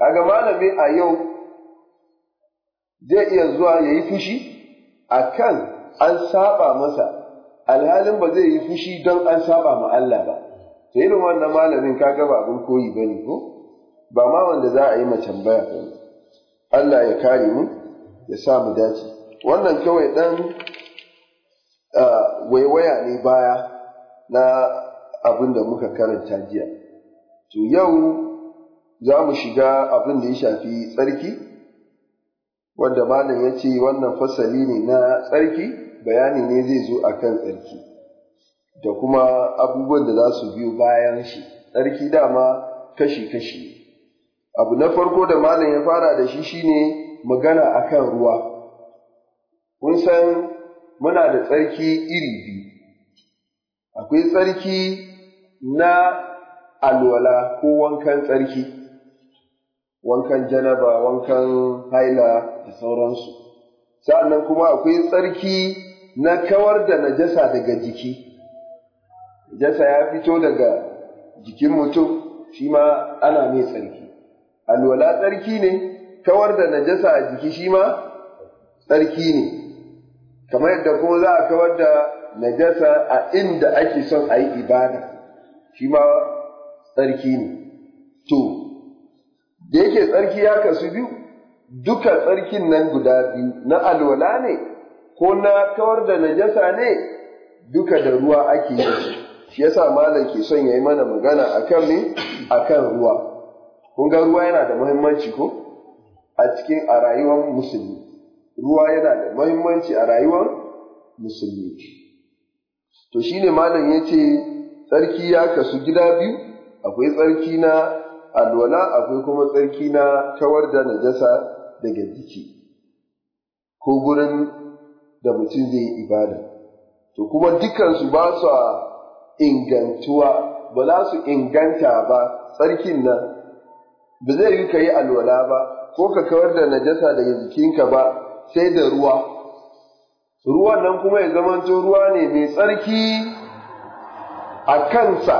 kaga malami a yau zai iya zuwa ya yi fushi a kan an saba masa alhalin ba zai yi fushi don an saba ma Allah ba sai irin wannan malamin kaga ba abin koyi ba ne ko ba ma wanda za a yi macen baya ba Allah ya kare mu ya sa mu dace wannan kawai dan waiwaya ne baya na abin da muka karanta jiya to yau za mu shiga abin da ya shafi tsarki wanda malam ya ce wannan fasali ne na tsarki bayani ne zai zo a kan tsarki da kuma abubuwan da za su biyo bayan shi tsarki dama kashi-kashi abu na farko da malam ya fara da shi shine magana akan ruwa kun san muna da tsarki iri biyu akwai tsarki na alwala ko wankan tsarki wankan janaba, wankan haila da sauransu. Sa'annan kuma akwai tsarki na kawar da najasa daga jiki. Najasa ya fito daga jikin mutum, shi ma ana mai tsarki. Alwala tsarki ne, kawar da najasa a jiki shi ma tsarki ne. Kamar yadda kuma za a kawar da najasa a inda ake son a yi ibada, shi ma tsarki ne. da yake tsarki ya kasu biyu duka tsarkin nan guda biyu na alwala ne ko na kawar da najasa ne duka da ruwa ake yi shi yasa malam ke son ya yi mana magana akan ne akan ruwa kun ga ruwa yana da muhimmanci ko a cikin a rayuwar musulmi ruwa yana da muhimmanci a rayuwar musulmi to shine malam yace tsarki ya kasu gida biyu akwai tsarki na alwala akwai kuma tsarki na kawar da najasa daga jiki ko gurin da mutum zai yi ibada to kuma dukansu ba su ingantuwa ba za su inganta ba tsarkin nan ba zai yi ka yi alwala ba ko ka kawar da najasa daga jikinka ba sai da ruwa ruwan nan kuma ya zamanto ruwa ne mai tsarki a kansa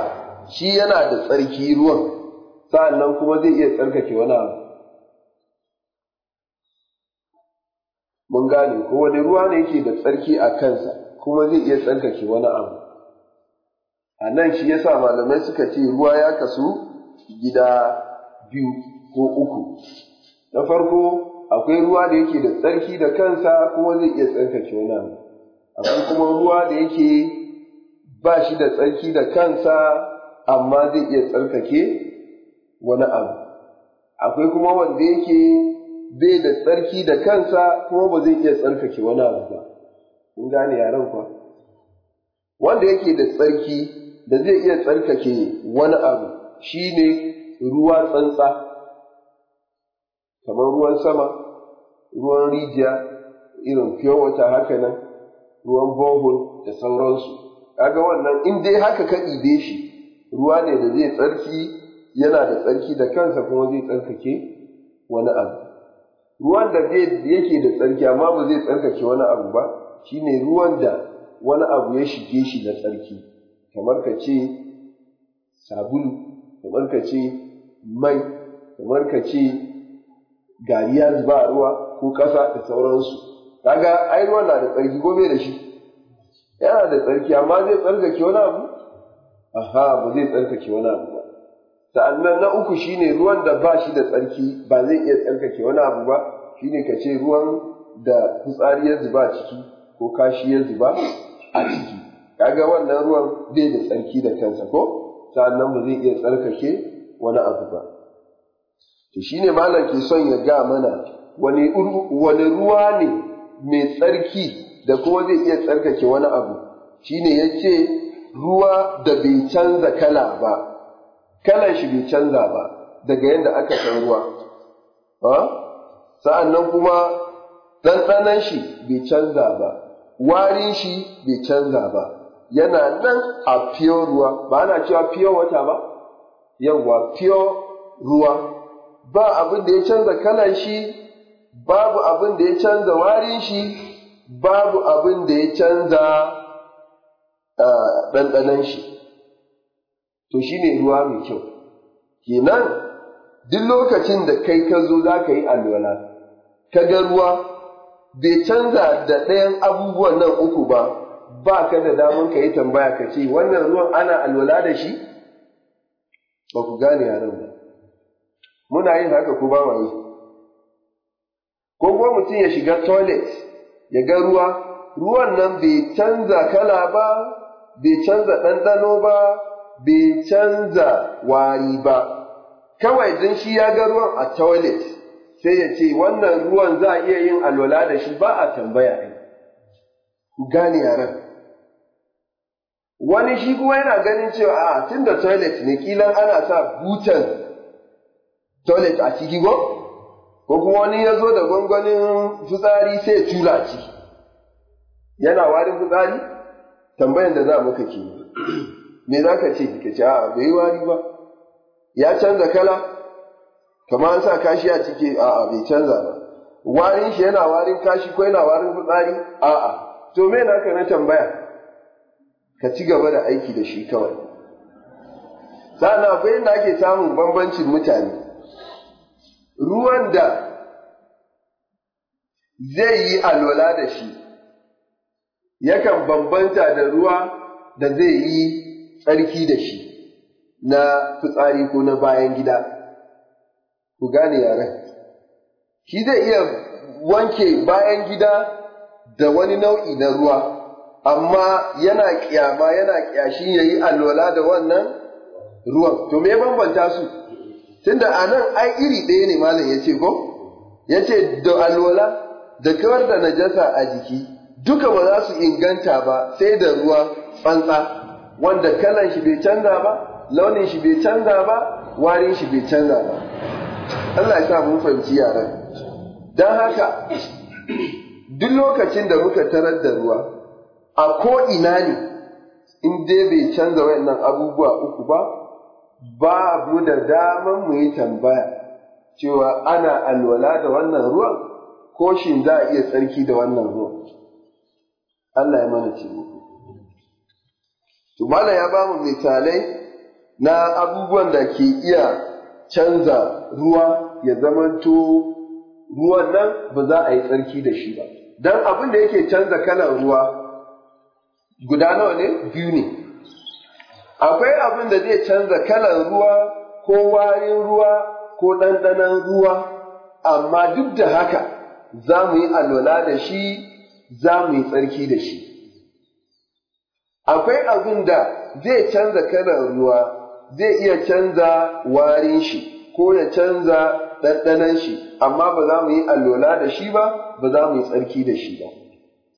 shi yana da tsarki ruwan sa'annan kuma zai iya tsarkake wani abu mun gane ko wani ruwa ne yake da tsarki a kansa kuma zai iya tsarkake wani abu a nan shi ya sa malamai suka ce ruwa ya kasu gida biyu ko uku na farko akwai ruwa da yake da tsarki da kansa kuma zai iya tsarkake wani abu akwai kuma ruwa da yake ba shi da tsarki da kansa amma zai iya tsarkake wani abu akwai kuma wanda yake bai da tsarki da kansa kuma ba zai iya tsarkake wani abu ba kun gane yaren kwa wanda yake da tsarki da zai iya tsarkake wani abu shine ruwa tsantsa kamar ruwan sama ruwan rijiya irin fiye wata haka nan ruwan bohol da sauransu kaga wannan in dai haka ka ɗibe shi ruwa ne da zai tsarki yana da tsarki da kansa kuma zai tsarkake wani abu ruwan da zai yake da tsarki amma ba zai tsarkake wani abu ba shine ruwan da wani abu ya shige shi da tsarki kamar ka ce sabulu kamar ka ce mai kamar ka ce gari ya zuba a ruwa ko ƙasa da sauransu kaga ai ruwan na da tsarki ko bai da shi yana da tsarki amma zai tsarkake wani abu aha ba zai tsarkake wani abu ba sa'annan na uku shine ruwan da ba shi da tsarki ba zai iya tsarkake wani abu ba shine ka ce ruwan da fitsari ya zuba ciki ko kashi ya zuba a ciki kaga wannan ruwan zai da tsarki da kansa ko sa'annan ba zai iya tsarkake wani abu ba to shine malam ke son ya ga mana wani wani ruwa ne mai tsarki da kuma zai iya tsarkake wani abu shine yace ruwa da bai canza kala ba kalan shi bai canza ba daga yadda aka san ruwa sa'an nan kuma ɗanɗanan shi bai canza ba warin shi bai canza ba yana nan a fiye ruwa ba ana cewa fiye wata ba yawwa fiye ruwa ba abin da ya canza kalan shi babu abin da ya canza warin shi babu abin da ya canza ah, ɗanɗanan shi to shi ne ruwa mai kyau kenan duk lokacin da kai ka zo za ka yi alwala ka ga ruwa bai canza da ɗayan abubuwan nan uku ba ba ka da damun ka yi tambaya ka ce wannan ruwan ana alwala da shi ba ku gane yaran ba muna yin haka ko ba ma yi ko kuma mutum ya shiga toilet ya ga ruwa ruwan nan bai canza kala ba bai canza ɗanɗano ba bai canza wari ba, kawai don shi ya ga ruwan a toilet sai ya ce wannan ruwan za a iya yin alwala da shi ba a tambaya ai. Gane yaran. Wani shi kuma yana ganin cewa a tun da toilet ne kilan ana sa butan toilet a ciki ko? Ko kuma wani ya zo da gwangwanin fitsari sai ya tura ci, Yana warin fitsari? Tambayan da za muka ke me za ka ce ka ce a bai wari ba ya canza kala kamar an sa kashi a ciki a bai canza ba warin shi yana warin kashi ko yana warin fitsari a a to me na ka na tambaya ka ci gaba da aiki da shi kawai sa'an akwai inda ake samun bambancin mutane ruwan da zai yi alwala da shi yakan bambanta da ruwa da zai yi tsarki da shi na fitsari ko na bayan gida, ku gane yaren. Shi zai iya wanke bayan gida da wani nau'i na ruwa, amma yana ƙyama yana ƙyashi ya yi alwala da wannan ruwan. To me bambanta su? Tunda a nan ai iri ɗaya ne malam ya ce ko? Ya ce da alwala da kawar da najasa a jiki duka ba za su inganta ba sai da ruwa tsantsa. wanda kalan shi bai canza ba launin shi bai canza ba warin shi bai canza ba Allah ya sa mu fahimci yaran dan haka duk lokacin da muka tarar da ruwa a ko ina ne in dai bai canza wayannan abubuwa uku ba ba mu da daman mu yi tambaya cewa ana alwala da wannan ruwan ko shin za a iya tsarki da wannan ruwan Allah ya mana taimako To ya bamu misalai na abubuwan da ke iya canza ruwa ya zamanto ruwan nan ba za a yi tsarki da shi ba. Don abin da yake canza kalan ruwa guda nawa ne? Biyu ne. Akwai abin da zai canza kalan ruwa ko warin ruwa ko ɗanɗanon ruwa, amma duk da haka za mu yi alwala da shi, za mu yi tsarki da shi. akwai abin da zai canza kalar ruwa zai iya canza warin shi ko ya canza ɗanɗanan shi amma ba za mu yi allola da shi ba ba za mu yi tsarki da shi ba